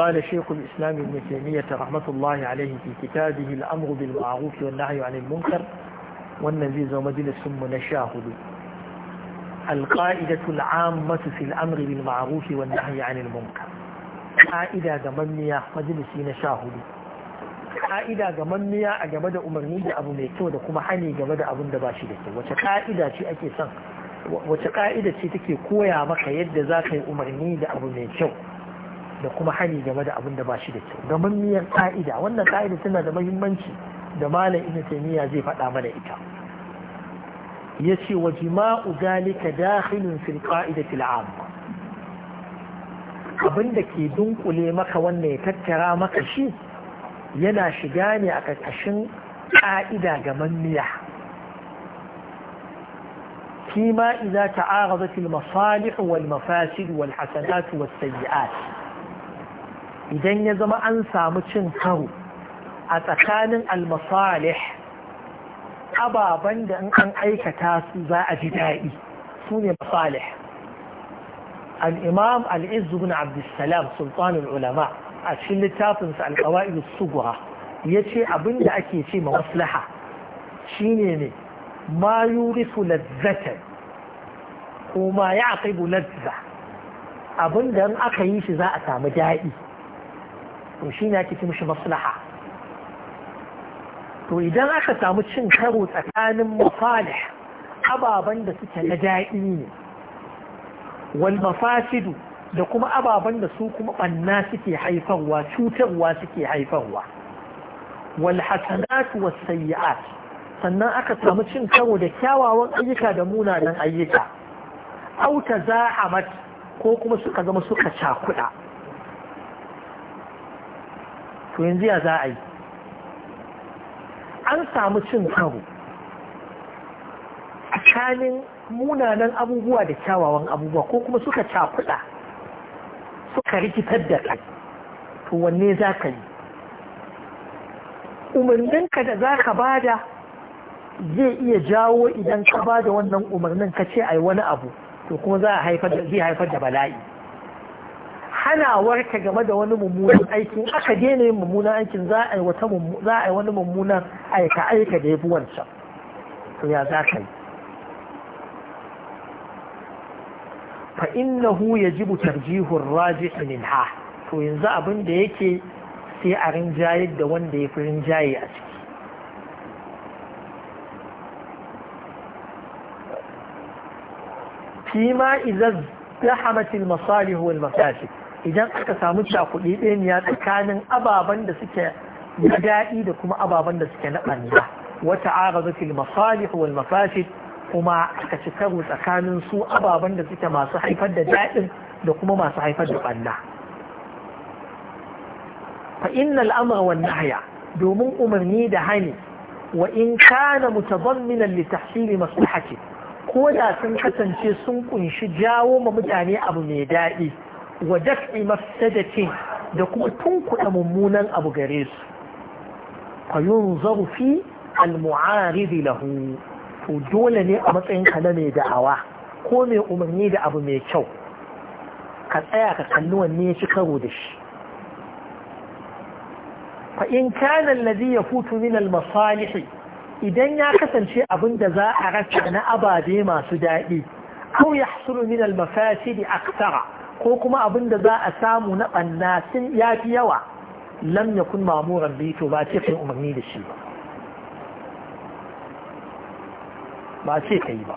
قال شيخ الإسلام ابن تيمية رحمة الله عليه في كتابه الأمر بالمعروف والنهي عن المنكر والنزيز ومدل السم نشاهد القائدة العامة في الأمر بالمعروف والنهي عن المنكر قائدة جمنية مجلس نشاهد قائدة جمنية أجمد أمرني أبو ميتو دكما حني جمد أبو دباشي دكتو وتقائدة شيء أكي سنق wace ka'ida ce take koya maka yadda za ka yi umarni da abu mai kyau da kuma hani game da abin da ba shi da kyau gamammiyar ƙa'ida wannan ƙa'ida tana da mahimmanci da malam ibn taymiya zai faɗa mana ita yace wa jima'u zalika dakhilun fil qa'idati al abin da ke dunkule maka wannan ya tattara maka shi yana shiga ne a ƙarƙashin ƙa'ida gamanniya فيما إذا تعارضت wal والمفاسد والحسنات والسيئات idan ya zama an samu cin karo a tsakanin almasalih ababen da in an aikata su za a ji daɗi su ne masalih al'imam Al'izu bin abdussalam sultanul ulama a cikin littafinsa alƙawa'il Suguwa, ya ce abin da ake ce ma maslaha shine ne ma yurifu su ko ma ya aqibu lazza abin da in aka yi shi za a samu daɗi to shi ne ake mishi maslaha to idan aka samu cin karo tsakanin mafali ababen da suke na daɗi ne wal mafasidu da kuma ababen da su kuma ɓanna suke haifarwa cutarwa suke haifarwa wal hasanatu was sayyi'at sannan aka samu cin karo da kyawawan ayyuka da munanan ayyuka auta za'amat ko kuma suka zama suka cakuɗa to yanzu ya za a yi an samu cin karo tsakanin munanan abubuwa da kyawawan abubuwa ko kuma suka cakuda suka rikitar da kai to wanne za ka yi umarninka da za ka bada zai iya jawo idan ka bada wannan umarnin ka ce ai wani abu to kuma za a haifar da bala'i ana warka game da wani mummunan aikin aka daina yin mummunan aikin za a yi wata za a yi wani mummunan aika aika da ya fi wancan to ya za ka yi fa innahu yajibu tarjihur rajih minha to yanzu abin da yake sai a rinjayar da wanda ya fi rinjaye a ciki فيما إذا ازدحمت المصالح والمفاسد idan aka samu cakuɗi ɗaya tsakanin ababen da suke na daɗi da kuma ababen da suke na ɓanda wata arazu fil masalih wal kuma aka ci karo tsakanin su ababen da suke masu haifar da daɗin da kuma masu haifar da ɓanna fa inna al'amra wan nahya domin umarni da hani wa in kana mutadamminan li tahsili maslahati ko da sun kasance sun kunshi jawo ma mutane abu mai daɗi wa daf'i mafsadatin da kuma tunkuɗa mummunan abu gare su fa yunzaru fi al-mu'aridi lahu to dole ne a matsayin ka na mai da'awa ko mai umarni da abu mai kyau ka tsaya ka kalli wanne ya ci karo da shi fa in kana ya yafutu min al-masalih idan ya kasance abin da za a rasa na ababe masu daɗi aw yahsulu min al-mafasid aktara ko kuma abin da za a samu na ɓanna sun ya fi yawa lam ya kun mamuran biyu to ba ce kai umarni da shi ba ba ce kai ba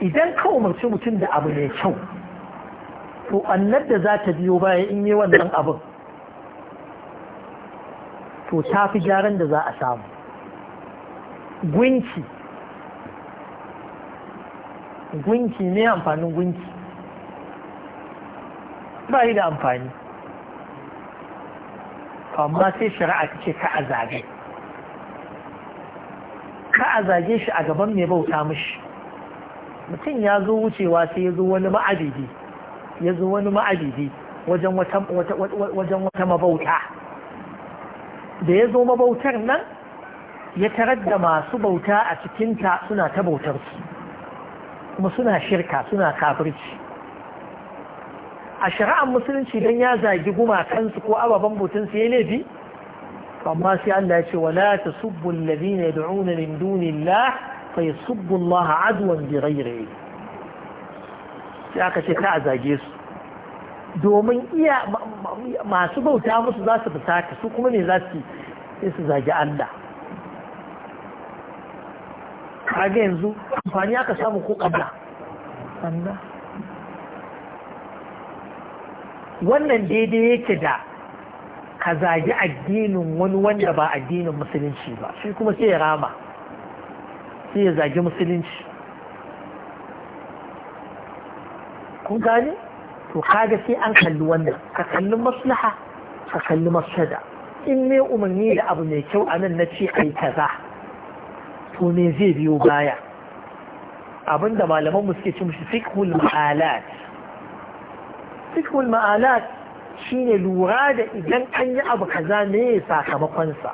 idan ka umarci mutum da abu mai kyau to annar da za ta biyo baya in yi wannan abin to ta fi gyaran da za a samu gunki gunki ne amfanin gunki ba yi da amfani amma sai shari'a ta ce ka a zage ka azage shi a gaban mai bauta mishi mutum ya zo wucewa sai ya zo wani ma'adidi ya zo wani ma'adidi wajen wata mabauta da ya zo mabautar nan ya tarar da masu bauta a cikinta suna ta bautarsu kuma suna shirka suna kafirci a shari'ar musulunci dan ya zagi gumakansu ko ababen mutunsu su ya laifi amma sai Allah ya ce wala tasubbu alladhina yad'una min dunillah fa yasubbu Allah adwan bi ghairi sai aka ce ka a zage su domin iya masu bauta musu za su fusata su kuma ne za su yi su zagi Allah kaga yanzu amfani aka samu ko kabla Allah wannan daidai yake da ka zagi addinin wani wanda ba addinin musulunci ba shi kuma sai ya rama sai ya zagi musulunci kun gane to kaga sai an kalli wannan ka kalli maslaha ka kalli mafsada in ne umarni da abu mai kyau a nan na ce ai kaza to me zai biyo baya abinda malaman mu suke cin shi fikhul ma'alat fikhul ma'alat shine lura da idan an yi abu kaza ne sakamakonsa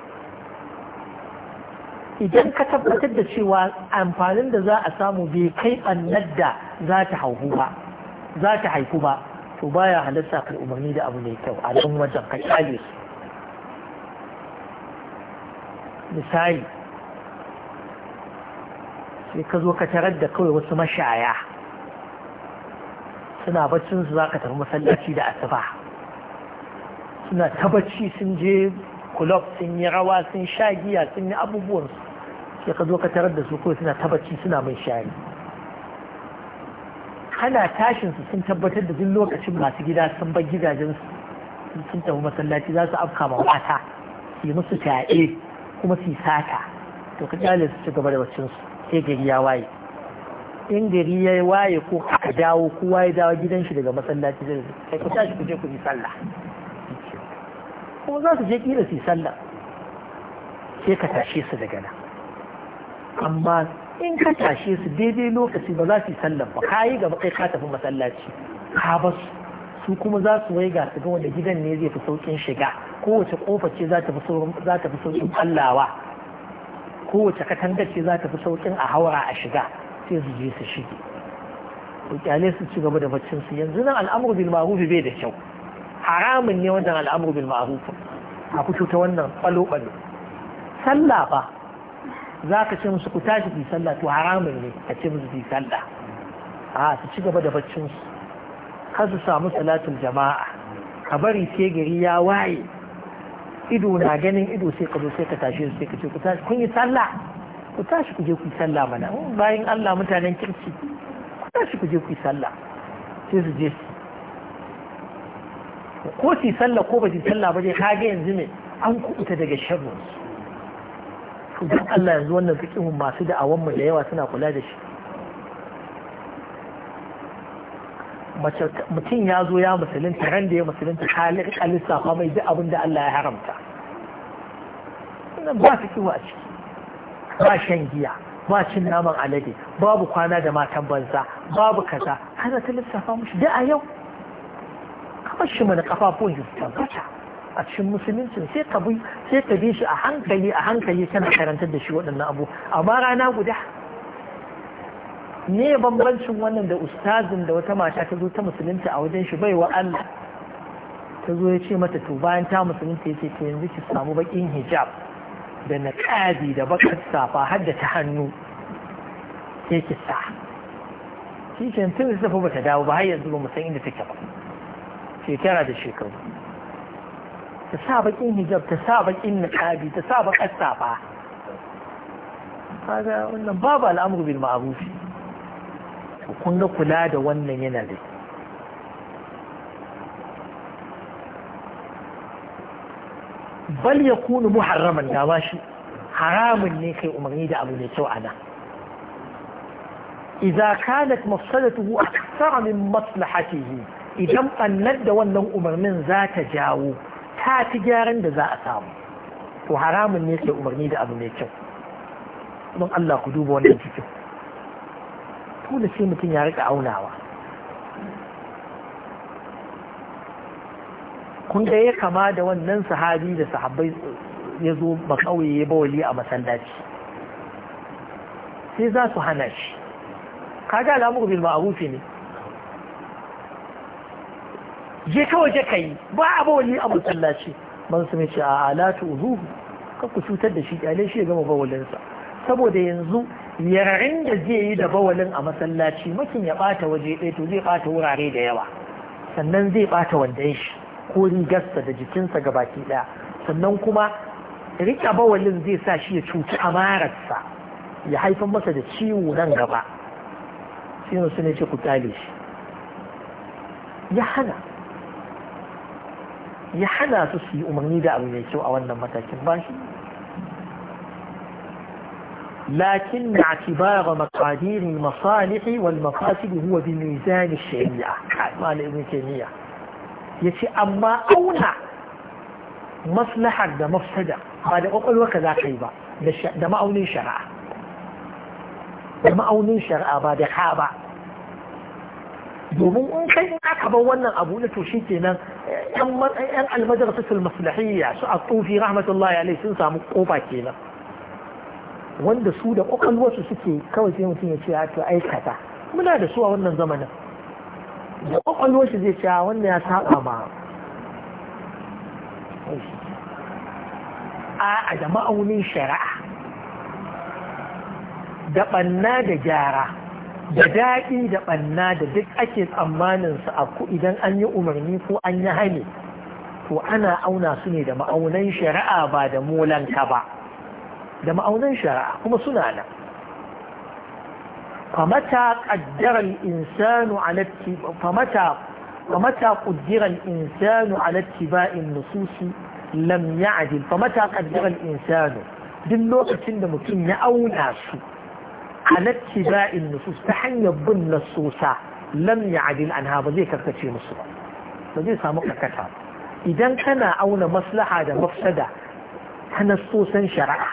idan ka tabbatar da cewa amfanin da za a samu bai kai annar da za ta haihu ba za ta ba to baya halarta kai umarni da abu mai kyau a nan wajen ka kyale su misali sai ka zo ka tarar da kawai wasu mashaya suna baccin su ka tafi masallaci da asuba suna ta bacci sun je kulob sun yi rawa sun sha giya sun yi abubuwan su sai ka zo ka tarar da su kawai suna ta bacci suna mai shari. kana tashin su sun tabbatar da duk lokacin masu gida sun bar gidajen su sun tafi masallaci za su afka ma mata su yi musu fyaɗe kuma su yi sata to ka kyale su ci gaba da baccin su sai gari ya waye in gari ya waye ko aka dawo kowa ya dawo gidan shi daga masallaci zai kai ku tashi ku ku yi sallah kuma za su je kila su yi sallah sai ka tashe su daga nan amma in ka tashe su daidai lokaci ba za su yi sallah ba ka yi gaba kai ka tafi masallaci ka ba su su kuma za su waiga su ga wanda gidan ne zai fi saukin shiga kowace kofa ce za ta fi saukin kallawa kowace katangar ce za ta fi saukin a haura a shiga sai su je su shige ku kyale su ci gaba da baccin su yanzu nan al'amuru bil ma'ruf bai da kyau haramun ne wannan al'amuru bil ma'ruf a fito ta wannan ɓalo-ɓalo. sallah ba za ka ce musu ku tashi fi sallah to haramun ne a ce musu fi sallah a su ci gaba da baccin su kar su samu salatul jama'a ka bari sai gari ya waye ido na ganin ido sai ka zo sai ka tashi sai ka ce ku tashi kun yi sallah ku tashi ku je ku yi sallah mana bayan Allah mutanen kirki ku tashi ku je ku yi sallah sai su je su ko su sallah ko ba su sallah ba dai kage yanzu ne an kubuta daga sharrin su don Allah yanzu wannan fikihun masu da'awan mu da yawa suna kula da shi mutum ya zo ya musulunta ran da ya musulunta halin lissafa mai duk abin da Allah ya haramta ba su kiwa a ciki ba shan giya ba cin naman alade babu kwana da matan banza babu kaza kana ta lissafa mushi da a yau kamar shi mana kafafun shi tabbata a cikin musulunci sai ka bi sai ka bi shi a hankali a hankali kana karantar da shi waɗannan abu amma rana guda ne bambancin wannan da ustazin da wata mata ta zo ta musulunci a wajen shi bai wa Allah ta zo ya ce mata to bayan ta musulunci ya ce yanzu ki samu bakin hijab da na ƙadi da bakar safa haddata hannu sai ki sa shi ke tun da safa bata dawo ba har yanzu ba san inda take ba shekara da shekaru ta sa bakin hijab ta sa bakin niqabi ta sa bakar safa kaga wannan babu al'amru bil ma'ruf kun ga kula da wannan yana da bal ya kunu muharraman da ba shi haramun ne kai umarni da abu mai kyau ana idza kanat mafsadatuhu akthara min maslahatihi idan bannar da wannan umarnin za ta jawo ta fi gyaran da za a samu to haramun ne kai umarni da abu mai kyau don Allah ku duba wannan cikin da sai mutum ya rika aunawa kun da ya kama da wannan sahabi da sahabbai ya zo ba kauye ba bawali a masallaci sai za su hana shi kaga al'amuru bil ma'rufi ne je kawai je kai ba a bawali a masallaci man su mace a alatu uzuhu ka ku cutar da shi kyale shi ya gama bawalinsa saboda yanzu yararin da zai yi da bawalin a masallaci makin ya ɓata waje ɗaya to zai bata wurare da yawa sannan zai bata ya shi ko rigarsa da jikinsa ga baki ɗaya sannan kuma rika bawalin zai sa shi ya cuci amararsa ya haifar masa da ciwo nan gaba shi ne ce ku kyale shi ya hana ya hana su su yi umarni da abu mai kyau a wannan matakin ba shi لكن اعتبار huwa المصالح والمفاسد هو بميزان الشريعة قال ابن تيمية ya ce amma auna maslahar da mafsada ba da kwakwalwarka za ka yi ba da ma'aunin shari'a da ma'aunin shari'a ba da ka ba domin in kai aka bar wannan abu na to kenan yan almadrasatul maslahiyya su a tsofi rahmatullah alaihi sun samu kofa kenan wanda su da kwakwalwarsu suke kawai sai mutum ya ce ya aikata muna da su a wannan zamanin da kwakwalwar shi zai cewa ah, wanda ya saba ma a da ma'aunin shari'a da ɓanna da gyara da daɗi da ɓanna da duk ake tsammanin su a ku idan an yi umarni ko an yi hane to ana auna su ne da ma'aunan shari'a ba da molanka ba da ma'aunan shari'a kuma suna nan فمتى قدر الإنسان على فمتى فمتى قدر الإنسان على اتباع النصوص لم يعدل فمتى قدر الإنسان دلوك تند متن أونا شو على اتباع النصوص تحن يبن نصوصا لم يعدل عنها بزي كركتي مصر بزي سامك كتاب إذا كان أونا مصلحة دا مفسدة نصوصا شرعا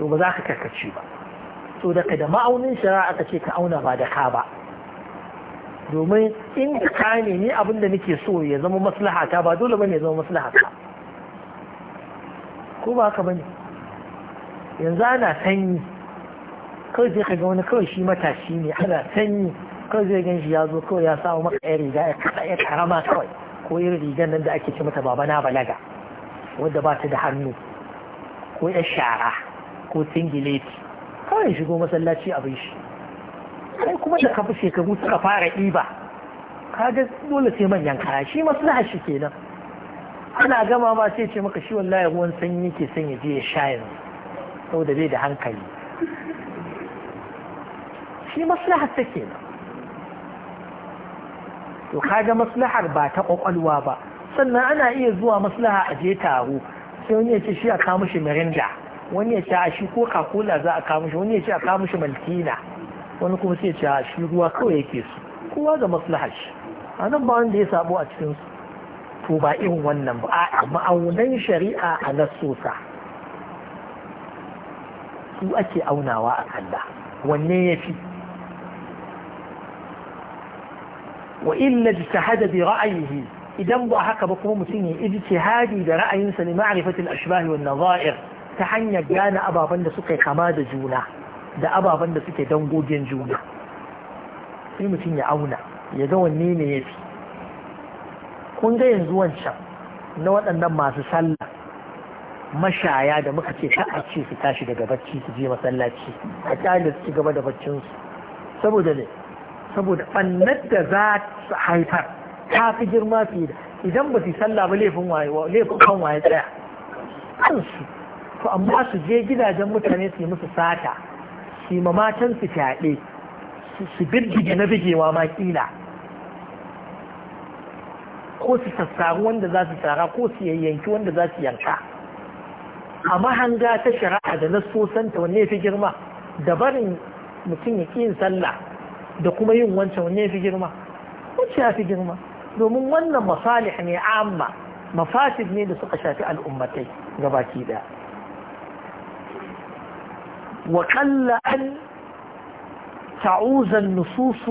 وبذاك كركتي بقى so daga da ma'aunin shara aka ce ka auna ba da ka ba domin in ka ne ni abin da nake so ya zama maslaha ta ba dole bane ya zama maslaha ta ko ba haka bane yanzu ana sanyi kawai zai kaga wani kawai shi matashi ne ana sanyi kawai zai gan shi ya zo kawai ya samu maka yan riga ya kasa ya karama kawai ko yin rigar nan da ake ce mata baba na balaga wadda ba ta da hannu ko ya shara ko singileti kawai shigo masallaci bai shi kai kuma da kafa shekaru suka fara ka kaga dole sai manyan kaya shi maslaha shi kenan ana gama ba sai ce maka shi wallahi ruwan sanyi ke sanya ya je ya sha yanzu saboda bai da hankali shi maslaha ta kenan to kaga maslahar ba ta kwakwalwa ba sannan ana iya zuwa maslaha a je taro sai wani ya ce shi a kawo shi mirinda wani ya ce a shi ko kakula za a kamushi wani ya ce a kamushi maltina wani kuma sai ce a shi ruwa kawai yake su kowa ga maslahar shi a nan ba wanda ya sabo a cikin su to ba irin wannan ba a ma'aunan shari'a a nasosa su ake aunawa a kalla wanne ya fi wa illa hada bi ra'ayihi idan ba haka ba kuma mutum ya iji hadi da ra'ayinsa ne ma'rifatil ashbah wan naza'ir ta hanyar gane ababen da suka kama da juna da ababen da suke dangogin juna sai mutum ya auna ya ga wanne ne ya fi kun ga yanzu wancan na waɗannan masu sallah mashaya da muka ce ta a ce su tashi daga bacci su je masallaci a kyale su gaba da baccinsu saboda ne saboda ɓannar da za su haifar ta fi girma fiye da idan ba su sallah ba laifin kan waye tsaya kansu su amma su je gidajen mutane su yi musu sata su ma matan su fyaɗe su birgige na bigewa ma kila ko su sassaru wanda za su tsara ko su yayyanki wanda za su yanka a mahanga ta shari'a da na sosanta wanne fi girma da barin mutum ya ƙi sallah da kuma yin wancan wanne fi girma wacce ya fi girma domin wannan masalih ne amma mafasid ne da suka shafi al'ummatai gabaki daya وقل أن تعوز النصوص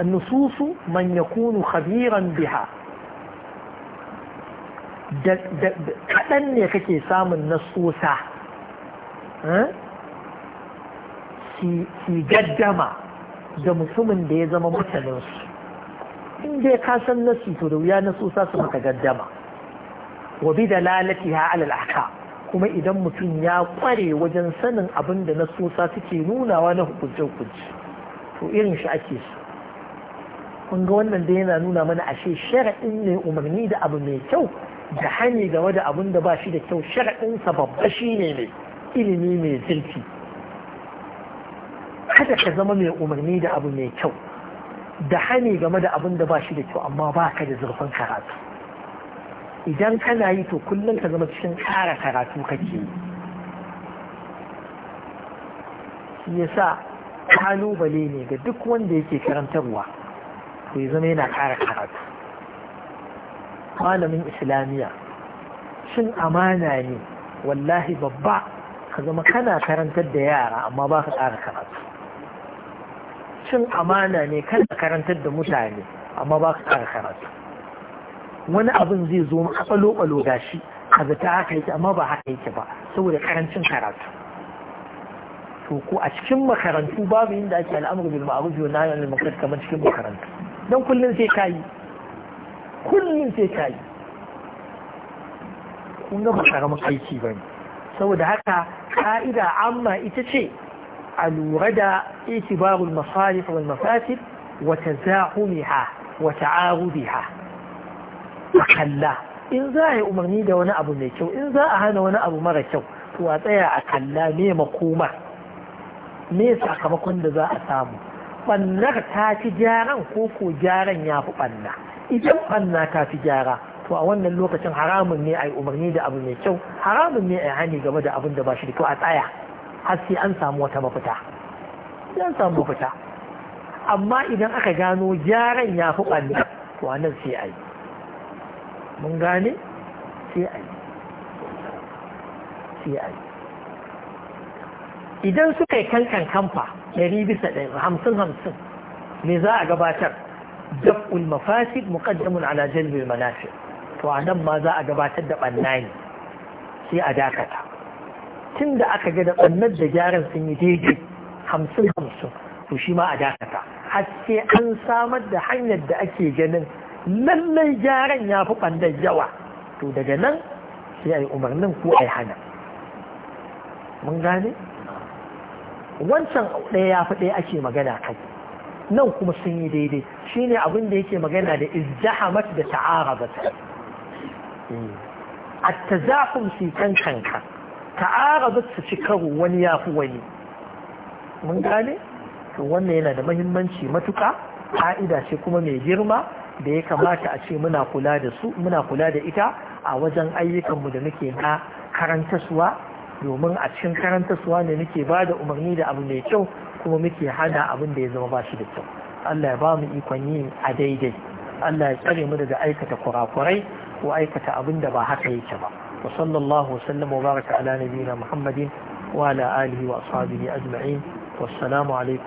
النصوص من يكون خبيرا بها kaɗan ne kake samun nasusa si gaddama da mutumin da ya zama mutaninsu inda ya kasan nasu to da wuya nasusa su maka gaddama wa bi da lalati ha alal aka kuma idan mutum ya kware wajen sanin abin da sosa suke nunawa na hukunce-hukunce to irin shi ake su kun ga wannan da yana nuna mana ashe shara'in ne umarni da abu mai kyau da hani game da abin da ba shi da kyau sa babba shi ne mai ilimi mai zirfi kada ka zama mai umarni da abu mai kyau da hani game da abin da ba shi da kyau amma ba ka da zurfin karatu idan kana yi to kullum ka zama cikin ƙara karatu kake yi shi yasa kalubale ne ga duk wanda yake karantarwa to ya zama yana ƙara karatu malamin islamiyya shin amana ne wallahi babba ka zama kana karantar da yara amma ba ka ƙara karatu shin amana ne kana karantar da mutane amma ba ka ƙara karatu wani abin zai zo ma ɓalo-ɓalo gashi a zata haka yake amma ba haka yake ba saboda karancin karatu to ko a cikin makarantu babu inda ake al'amuru bil ma'ruf wa nahy anil munkar kamar cikin makarantu dan kullun sai kai kullun sai kai kun ga makaramin aiki bane saboda haka ka'ida amma ita ce a lura da itibarul masalih wal mafasid wa tazahumiha wa ta'arudiha kalla in za a yi umarni da wani abu mai kyau in za a hana wani abu mara kyau to a tsaya a kalla ne makoma me sakamakon da za a samu bannar ta fi gyaran ko ko gyaran ya fi banna idan banna ta fi gyara to a wannan lokacin haramun ne a yi umarni da abu mai kyau haramun ne a yi hani game da abin da ba shi da kyau a tsaya har sai an samu wata mafita an samu mafita amma idan aka gano gyaran ya fi ɓanna to a nan sai a yi mun gane sai a yi sai a yi idan suka yi kankan kamfa ɗari bisa ɗari hamsin hamsin me za a gabatar daf'ul mafasid muqaddamun ala jalbil manafi to a nan ma za a gabatar da ɓanna ne sai a dakata tun da aka ga da ɓannar da gyaran sun yi daidai hamsin hamsin to shi ma a dakata har sai an samar da hanyar da ake ganin lallai gyaran ya fi ɓandar yawa to daga nan sai a yi umarnin ko a yi hana mun gane wancan ɗaya ya fi ɗaya ake magana kai nan kuma sun yi daidai shine abin da yake magana da mata da eh. su, kan kanka ta'ara ba كانك ci تشكر wani ya fi wani mun gane wannan yana da mahimmanci matuka ka'ida ce kuma mai girma da ya kamata a ce muna kula da su muna kula da ita a wajen ayyukanmu da muke na karantaswa domin a cikin karantaswa ne muke ba da umarni da abu mai kyau kuma muke hana abin da ya zama ba shi da kyau Allah ya ba mu ikon yi a daidai Allah ya tsare mu daga aikata kurakurai ko aikata abin da ba haka yake ba wa sallallahu wa sallam wa baraka ala nabiyina muhammadin wa ala alihi wa ashabihi ajma'in wassalamu alaikum